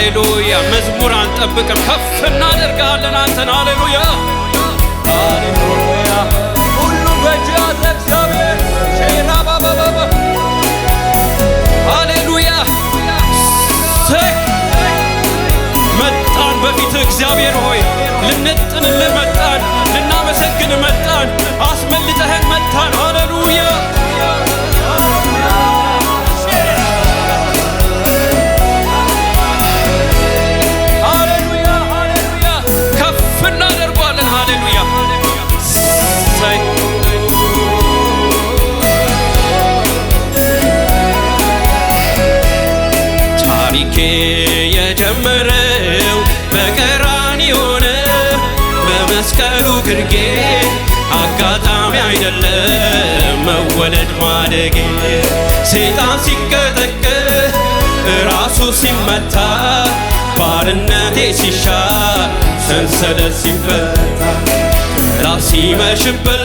ሃሌሉያ መዝሙር አንጠብቅም፣ ከፍ እናደርጋለን አንተን። ሃሌሉያ ሃሌሉያ ሁሉ በእጅ ያለ እግዚአብሔር ሼራ ባባባባ ሃሌሉያ መጣን በፊት እግዚአብሔር ሆይ ልንጥንልህ መጣን፣ ልናመሰግን መጣን፣ አስመልጠህን መጣን። ሃሌሉያ የጀመረው በቀራንዮ ነው በመስቀሉ ግርጌ አጋጣሚ አይደለም መወለድ ማደጌ ሰይጣን ሲቀጠቅጥ ራሱ ሲመታ ባርነቴ ሲሻ ሰንሰለት ሲፈታ ጥላ ሲመሽብን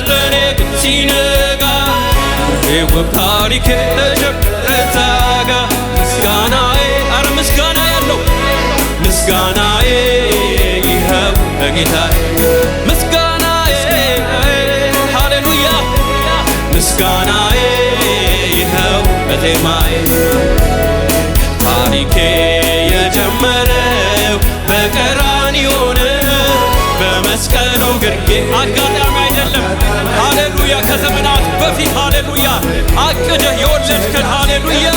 ግን ሲነጋ የውብ ታሪክ ለጀብረታጋ ምስጋና ምስጋና ያለው ምስጋናዬ ይኸው ለጌታዬ ምስጋናዬ ሃሌሉያ ምስጋናዬ ይኸው በቴማዬ የጀመረው በቀራንዮ ነው በመስቀሉ ግርጌ አጋጣሚ አይደለም ሃሌሉያ ከዘመን በፊት ሃሌሉያ አቅደህ የወለድከን ሃሌሉያ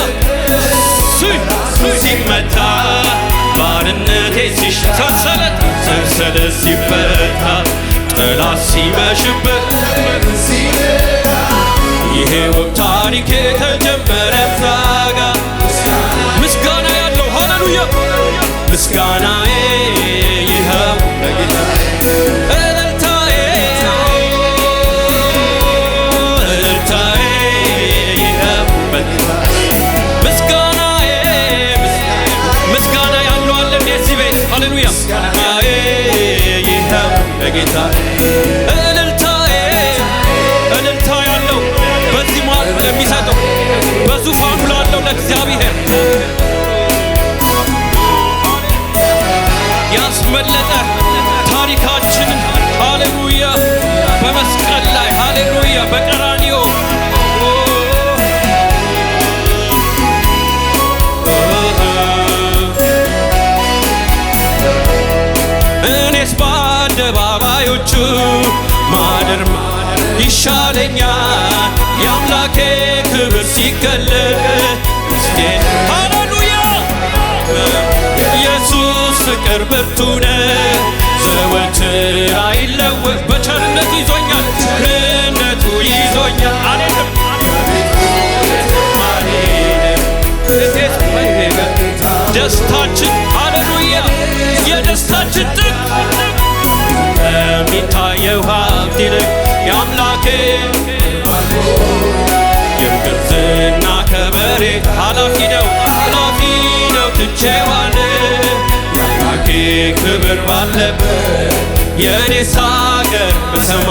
ሲመታ ባርነቴ ሲሽ ሰንሰለት ሰንሰለት ሲበረታ ጠላት ይሄ ይሄውም ታሪክ የተጀመረ ምስጋና ምስጋና ያለው ሃሌሉያ ምስጋናዬ ሃሌሉያ ቀናዬ ይኸው ለጌታ እልልታዬ እልልታ ያለው በዚህ ማል ለሚሰጠው በዙፋኑ ላለው ለእግዚአብሔር ያስመለጠ ታሪካችንን ሃሌሉያ በመስቀል ላይ ሃሌሉያ በቀራኒዮ ሲገለጥ ውስጤ ሃሌሉያ ኢየሱስ ፍቅር ዘወትር በቸርነት ይዞኛል ባለበት የኔ ሳገር በሰማ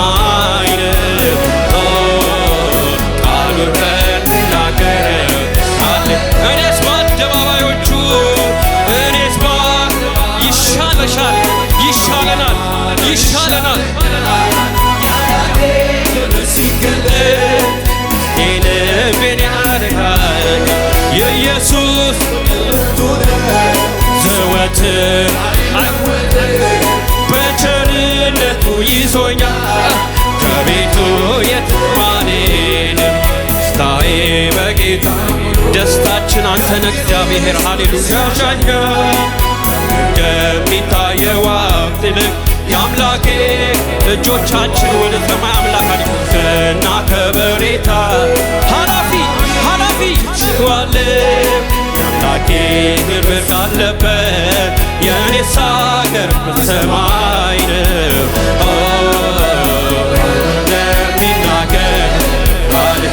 ይዞኛል ከቤቱ የትማኔንም ስታዬ በጌታ ደስታችን አንተነ እግዚአብሔር ሃሌሉያ ሻኛ እንደሚታየው ሀብት የአምላኬ እጆቻችን ወደ ሰማይ አምላክ አድርጉ ከበሬታ ኃላፊ ኃላፊ ስዋለ አምላኬ ክብር ካለበት የእኔስ ሀገር ሰማይ ነው። ለሚናገር ባል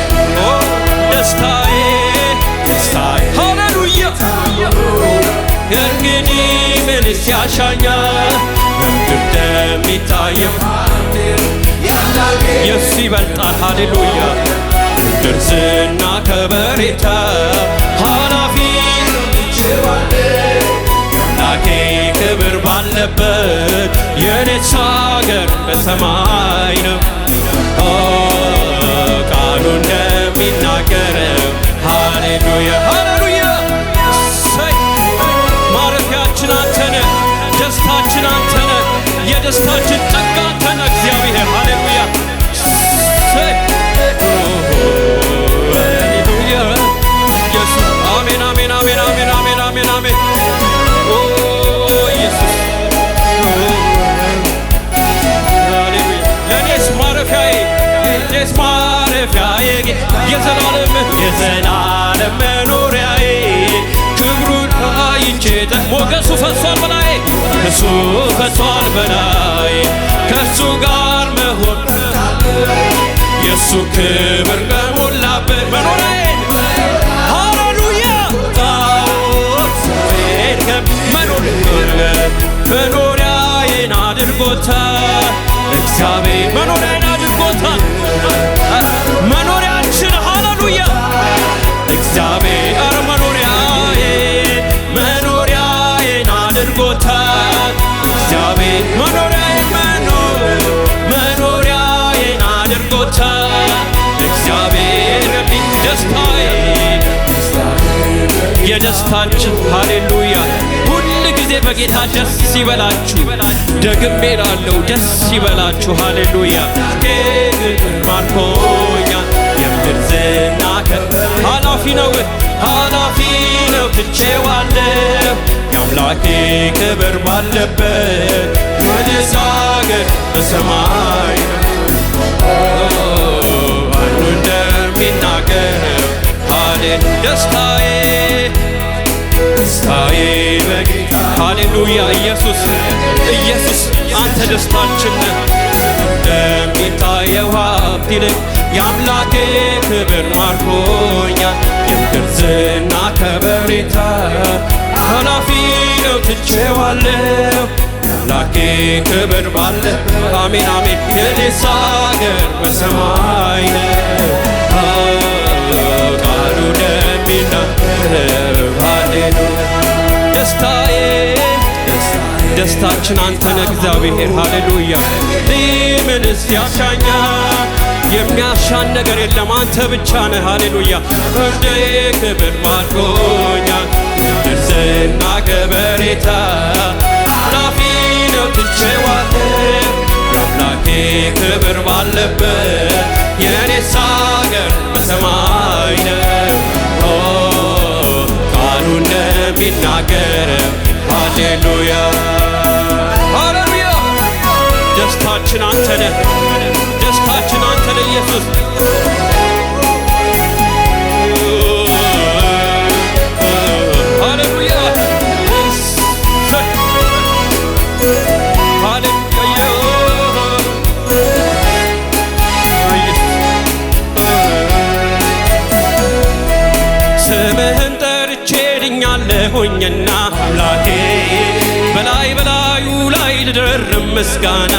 ደስታዬ ደስታዬ ሃሌሉያ እንግዲህ ምንስ ያሻኛል? እንደሚታየው የሱ ይበልጣል። ሃሌሉያ ድርስና ከበሬታ ከሰማይ ነው ቃሉ እንደሚናገረው ሃሌሉያ ሃሌሉያ እሰይ ማረፊያችን አንተነ ደስታችን አንተነ የደስታችን የመቅደስ ማረፊያዬ የዘላለም የዘላለም መኖሪያዬ ክብሩን አይቼ ሞገሱ ፈሷል በላይ እሱ ፈሷል በላይ ከእሱ ጋር መሆን የእሱ ክብር በሞላበት መኖሪያዬ ሃሌሉያ መኖሪያዬን አድርጎታል እግዚአብሔር መኖሪያ የደስታችን ሃሌሉያ። ሁል ጊዜ በጌታ ደስ ይበላችሁ፣ ደግሜ እላለሁ ደስ ይበላችሁ። ሃሌሉያ ማርኮኛ የምድር ዝና ኃላፊ ነው ኃላፊ ነው ትቼዋለሁ የአምላኬ ክብር ባለበት ወደ በሰማይ አንዱ እንደሚናገር ደስታዬ ሃሌሉያ ኢየሱስ ኢየሱስ አንተ ደስታችን እንደሚታየው ሀብት ይልቅ የአምላኬ ክብር ማርኮኛ የምድር ዝና ከበሬታ ኃላፊ ነው ትቼዋለሁ አምላኬ ክብር ባለ አሜን አሜን የኔስ አገር በሰማይ ነው ቃሉ ደሚናገረው ደስታችን ነህ እግዚአብሔር ሃሌሉያ። ምንስ ያሻኛል የሚያሻን ነገር የለም አንተ ብቻ ነህ። ሃሌሉያ ፍርድ ክብር ማርኮኛል ድርስና ከበሬታ አላፊ ነው ትቼዋት የአምላኬ ክብር ባለበት የኔ ሳገር በሰማይ ነው ቃሉ እንደሚናገረው ሃሌሉያ ደስታችን አንተ ነህ፣ ደስታችን አንተ ነህ ኢየሱስ ምስጋና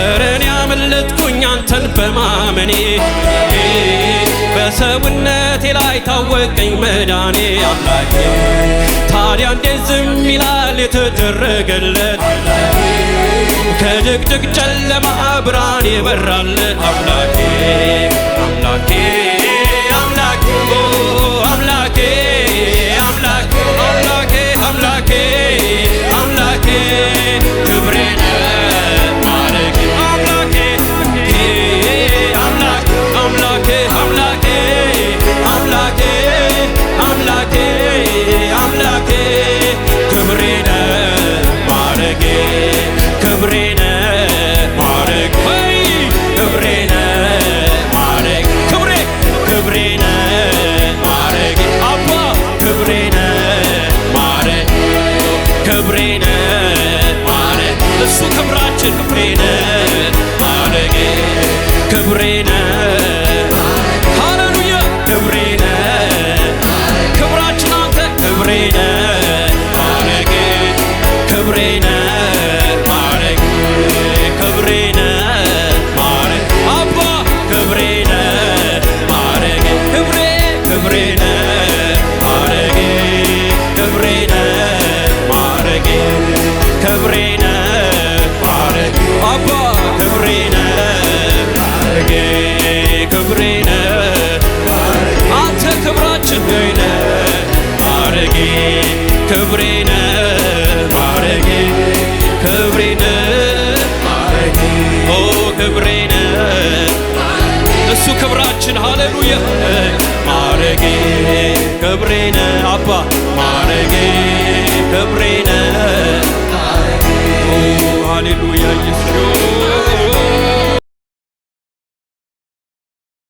እረን ያመለጥኩኝ አንተን በማመኔ በሰውነቴ ላይ ታወቀኝ መዳኔ አምላኬ። ታዲያ እንዴት ዝም ይላል የተደረገለት ከድቅድቅ ጨለማ ብርሃን የበራለት አምላኬ አምላኬ ክብሬነ አባ ክብሬነ ክብሬነ አንተ ክብራችን ገይነ ባረጌ ክብሬነ ባረጌ ክብሬነ ኦ ክብሬነ እሱ ክብራችን ሃሌሉያ ማረጌ ክብሬነ አባ ማረጌ ክብሬ Aleluia, isso.